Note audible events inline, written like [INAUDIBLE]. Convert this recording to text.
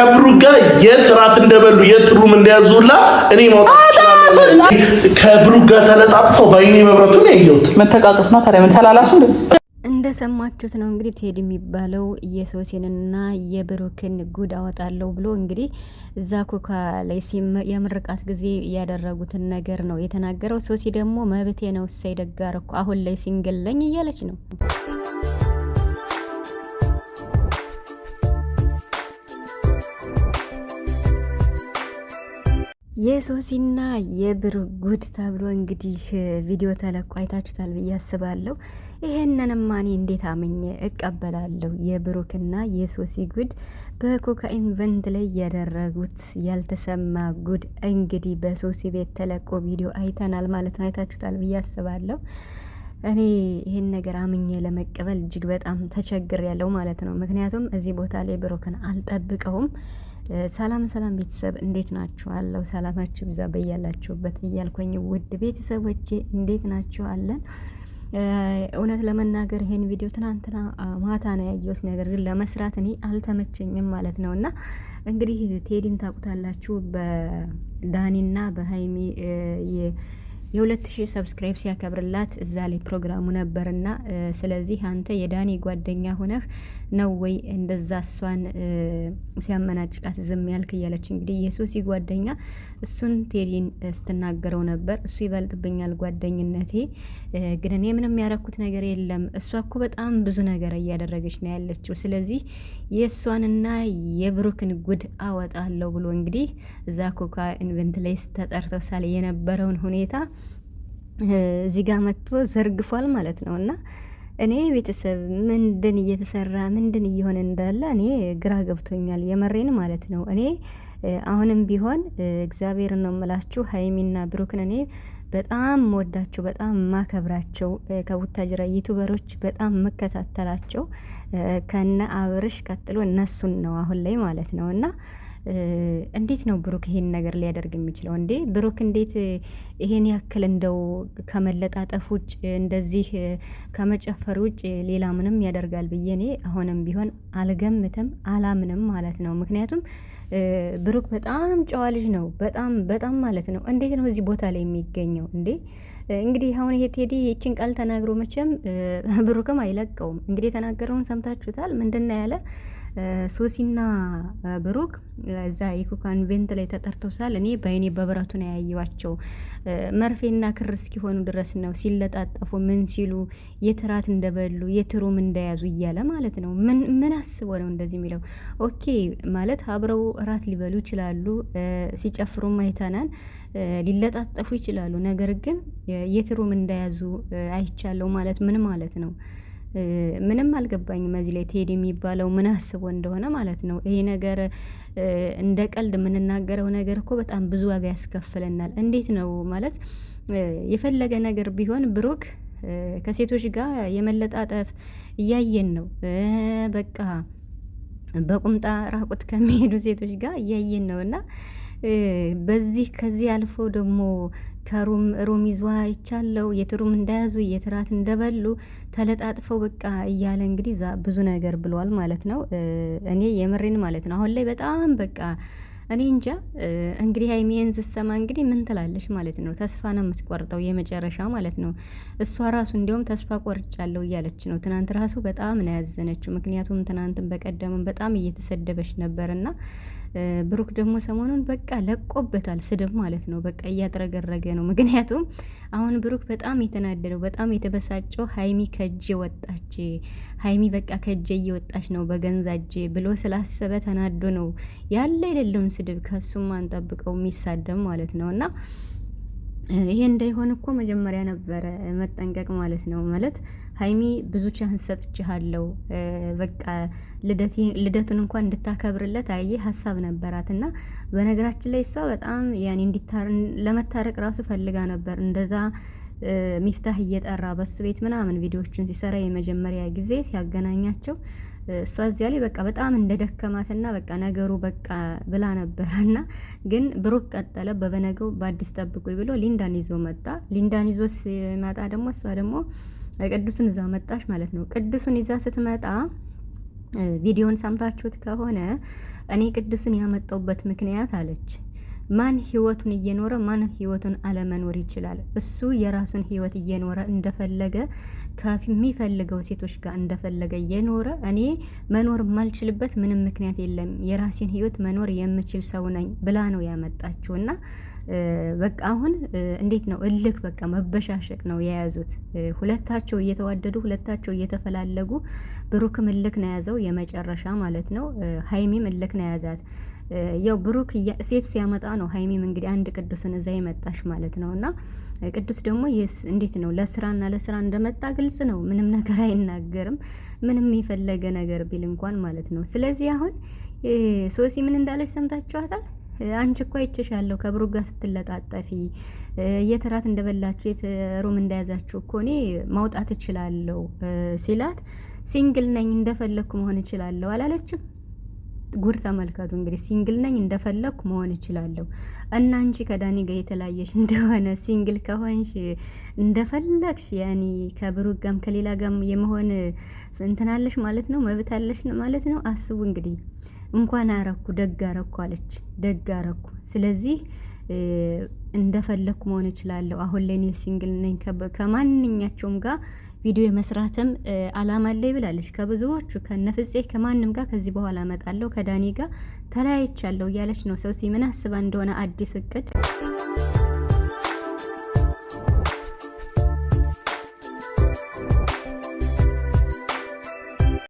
ከብሩ ጋር የት ራት እንደበሉ የት ሩም እንደያዙላ እኔ ማውጣት ከብሩ ጋር ተለጣጥፎ በአይኔ መብረቱን ያየሁት መተቃቀፍ ነው። ታዲያ ምን ተላላሱ እንዴ? እንደሰማችሁት ነው እንግዲህ ቴዲ የሚባለው የሶሲንና የብሩክን ጉድ አወጣለሁ ብሎ እንግዲህ እዛ ኮካ ላይ የምርቃት ጊዜ ያደረጉትን ነገር ነው የተናገረው። ሶሲ ደግሞ መብቴ ነው እሰይ ደጋር እኮ አሁን ላይ ሲንግል ለኝ እያለች ነው። የሶሲና የብር ጉድ ተብሎ እንግዲህ ቪዲዮ ተለቆ አይታችሁታል ብዬ አስባለሁ። ይሄንንም ማኔ እንዴት አምኜ እቀበላለሁ? የብሩክና የሶሲ ጉድ በኮካኢን ቨንድ ላይ ያደረጉት ያልተሰማ ጉድ እንግዲህ በሶሲ ቤት ተለቆ ቪዲዮ አይተናል ማለት ነው። አይታችሁታል ብዬ አስባለሁ። እኔ ይህን ነገር አምኜ ለመቀበል እጅግ በጣም ተቸግር ያለው ማለት ነው። ምክንያቱም እዚህ ቦታ ላይ ብሩክን አልጠብቀውም። ሰላም ሰላም ቤተሰብ እንዴት ናችሁ? አለው ሰላማችሁ ብዛ በያላችሁበት እያልኩኝ ውድ ቤተሰቦቼ እንዴት ናችሁ? አለን እውነት ለመናገር ይሄን ቪዲዮ ትናንትና ማታ ነው ያየሁት። ነገር ግን ለመስራት እኔ አልተመቸኝም ማለት ነው። እና እንግዲህ ቴዲን ታውቁታላችሁ በዳኒና በሀይሚ የሁለት ሺህ ሰብስክራይብ ሲያከብርላት እዛ ላይ ፕሮግራሙ ነበርና፣ ስለዚህ አንተ የዳኒ ጓደኛ ሆነህ ነው ወይ እንደዛ እሷን ሲያመናጭቃት ዝም ያልክ? እያለች እንግዲህ የሶሲ ጓደኛ እሱን ቴሪን ስትናገረው ነበር። እሱ ይበልጥብኛል ጓደኝነቴ፣ ግን እኔ ምንም ያረኩት ነገር የለም። እሷ እኮ በጣም ብዙ ነገር እያደረገች ነው ያለችው። ስለዚህ የእሷንና የብሩክን ጉድ አወጣለሁ ብሎ እንግዲህ እዛ ኮካ ኢንቨንት ላይ ተጠርተው ሳለ የነበረውን ሁኔታ እዚህ ጋር መጥቶ ዘርግፏል ማለት ነው እና እኔ ቤተሰብ ምንድን እየተሰራ ምንድን እየሆነ እንዳለ እኔ ግራ ገብቶኛል። የመሬን ማለት ነው። እኔ አሁንም ቢሆን እግዚአብሔር ነው የምላችሁ ሀይሚና ብሩክን እኔ በጣም ወዳቸው በጣም ማከብራቸው ከቡታጅራ ዩቱበሮች በጣም መከታተላቸው ከነ አብርሽ ቀጥሎ እነሱን ነው አሁን ላይ ማለት ነው እና እንዴት ነው ብሩክ ይሄን ነገር ሊያደርግ የሚችለው እንዴ? ብሩክ እንዴት ይሄን ያክል እንደው ከመለጣጠፍ ውጭ እንደዚህ ከመጨፈር ውጭ ሌላ ምንም ያደርጋል ብዬ እኔ አሁንም ቢሆን አልገምትም አላምንም ማለት ነው። ምክንያቱም ብሩክ በጣም ጨዋ ልጅ ነው። በጣም በጣም ማለት ነው። እንዴት ነው እዚህ ቦታ ላይ የሚገኘው እንዴ? እንግዲህ አሁን ይሄ ቴዲ ይችን ቃል ተናግሮ መቼም ብሩክም አይለቀውም። እንግዲህ የተናገረውን ሰምታችሁታል። ምንድን ነው ያለ ሶሲና ብሩክ እዛ የኩካን ቬንት ላይ ተጠርተው ሳል እኔ በአይኔ በብረቱ ነው ያየዋቸው። መርፌና ክር እስኪሆኑ ድረስ ነው ሲለጣጠፉ፣ ምን ሲሉ፣ የት ራት እንደበሉ፣ የት ሩም እንደያዙ እያለ ማለት ነው። ምን ምን አስቦ ነው እንደዚህ የሚለው? ኦኬ ማለት አብረው እራት ሊበሉ ይችላሉ፣ ሲጨፍሩም አይተናል፣ ሊለጣጠፉ ይችላሉ። ነገር ግን የት ሩም እንደያዙ አይቻለው ማለት ምን ማለት ነው? ምንም አልገባኝም። እዚህ ላይ ቴዲ የሚባለው ምን አስቦ እንደሆነ ማለት ነው። ይሄ ነገር እንደ ቀልድ የምንናገረው ነገር እኮ በጣም ብዙ ዋጋ ያስከፍለናል። እንዴት ነው ማለት የፈለገ ነገር ቢሆን ብሩክ ከሴቶች ጋር የመለጣጠፍ እያየን ነው። በቃ በቁምጣ ራቁት ከሚሄዱ ሴቶች ጋር እያየን ነው እና በዚህ ከዚህ አልፎ ደግሞ ከሩም ሩም ይዟ ይቻለው የትሩም እንዳያዙ የትራት እንደበሉ ተለጣጥፈው በቃ እያለ እንግዲህ ብዙ ነገር ብሏል ማለት ነው። እኔ የምሬን ማለት ነው። አሁን ላይ በጣም በቃ እኔ እንጃ እንግዲህ ሀይሚዬን ስሰማ እንግዲህ ምን ትላለች ማለት ነው። ተስፋ ነው የምትቆርጠው የመጨረሻ ማለት ነው። እሷ ራሱ እንዲያውም ተስፋ ቆርጫለሁ እያለች ነው። ትናንት ራሱ በጣም ነው ያዘነችው። ምክንያቱም ትናንትን በቀደምም በጣም እየተሰደበች ነበርና ብሩክ ደግሞ ሰሞኑን በቃ ለቆበታል፣ ስድብ ማለት ነው። በቃ እያጥረገረገ ነው። ምክንያቱም አሁን ብሩክ በጣም የተናደደው በጣም የተበሳጨው ሀይሚ ከጄ ወጣች፣ ሀይሚ በቃ ከጄ እየወጣች ነው በገንዛጄ ብሎ ስላሰበ ተናዶ ነው ያለ የሌለውን ስድብ ከሱም አንጠብቀው የሚሳደብ ማለት ነው እና ይሄ እንዳይሆን እኮ መጀመሪያ ነበረ መጠንቀቅ ማለት ነው። ማለት ሀይሚ ብዙ ቻንስ ሰጥቼሃለሁ፣ በቃ ልደቱን እንኳን እንድታከብርለት አየ ሀሳብ ነበራት እና በነገራችን ላይ እሷ በጣም ያኔ ለመታረቅ ራሱ ፈልጋ ነበር እንደዛ ሚፍታህ እየጠራ በሱ ቤት ምናምን ቪዲዮዎችን ሲሰራ የመጀመሪያ ጊዜ ሲያገናኛቸው እሷ እዚያ ላይ በቃ በጣም እንደደከማትና በቃ ነገሩ በቃ ብላ ነበረና፣ [LAUGHS] ግን ብሩክ ቀጠለ። በበነገው በአዲስ ጠብቁኝ ብሎ ሊንዳን ይዞ መጣ። ሊንዳን ይዞ ሲመጣ ደግሞ እሷ ደግሞ ቅዱሱን ይዛ መጣች ማለት ነው። ቅዱሱን ይዛ ስትመጣ ቪዲዮን ሰምታችሁት ከሆነ እኔ ቅዱሱን ያመጣውበት ምክንያት አለች ማን ህይወቱን እየኖረ ማን ህይወቱን አለመኖር ይችላል? እሱ የራሱን ህይወት እየኖረ እንደፈለገ ከሚፈልገው ሴቶች ጋር እንደፈለገ እየኖረ እኔ መኖር የማልችልበት ምንም ምክንያት የለም፣ የራሴን ህይወት መኖር የምችል ሰው ነኝ ብላ ነው ያመጣችው እና በቃ አሁን እንዴት ነው እልክ በቃ መበሻሸቅ ነው የያዙት። ሁለታቸው እየተዋደዱ ሁለታቸው እየተፈላለጉ ብሩክም እልክ ነው የያዘው የመጨረሻ ማለት ነው። ሀይሚም እልክ ነው የያዛት። ያው ብሩክ ሴት ሲያመጣ ነው ሀይሚም እንግዲህ አንድ ቅዱስን እዛ የመጣሽ ማለት ነው። እና ቅዱስ ደግሞ እንዴት ነው ለስራና ለስራ እንደመጣ ግልጽ ነው። ምንም ነገር [LAUGHS] አይናገርም። ምንም የፈለገ ነገር ቢል እንኳን ማለት ነው። ስለዚህ አሁን ሶሲ ምን እንዳለች ሰምታችኋታል። አንቺ እኮ አይቼሻለሁ ከብሩክ ጋር ስትለጣጠፊ የት እራት እንደበላችሁ የት ሩም እንደያዛችሁ እኮ እኔ ማውጣት እችላለሁ ሲላት ሲንግል ነኝ እንደፈለግኩ መሆን እችላለሁ አላለችም። ጉር ተመልከቱ እንግዲህ ሲንግል ነኝ እንደፈለኩ መሆን እችላለሁ። እና አንቺ ከዳኒ ጋር የተለያየሽ እንደሆነ ሲንግል ከሆንሽ እንደፈለግሽ ያኒ ከብሩ ጋም ከሌላ ጋም የመሆን እንትናለሽ ማለት ነው፣ መብት አለሽ ማለት ነው። አስቡ እንግዲህ እንኳን አረኩ ደግ አረኩ አለች፣ ደግ አረኩ። ስለዚህ እንደፈለኩ መሆን እችላለሁ። አሁን ላይ እኔ ሲንግል ነኝ ከማንኛቸውም ጋር ቪዲዮ የመስራትም አላማ አለኝ ብላለች። ከብዙዎቹ ከነፍፄ ከማንም ጋር ከዚህ በኋላ እመጣለሁ ከዳኒ ጋር ተለያይቻለሁ እያለች ነው። ሰው ሲምን አስባ እንደሆነ አዲስ እቅድ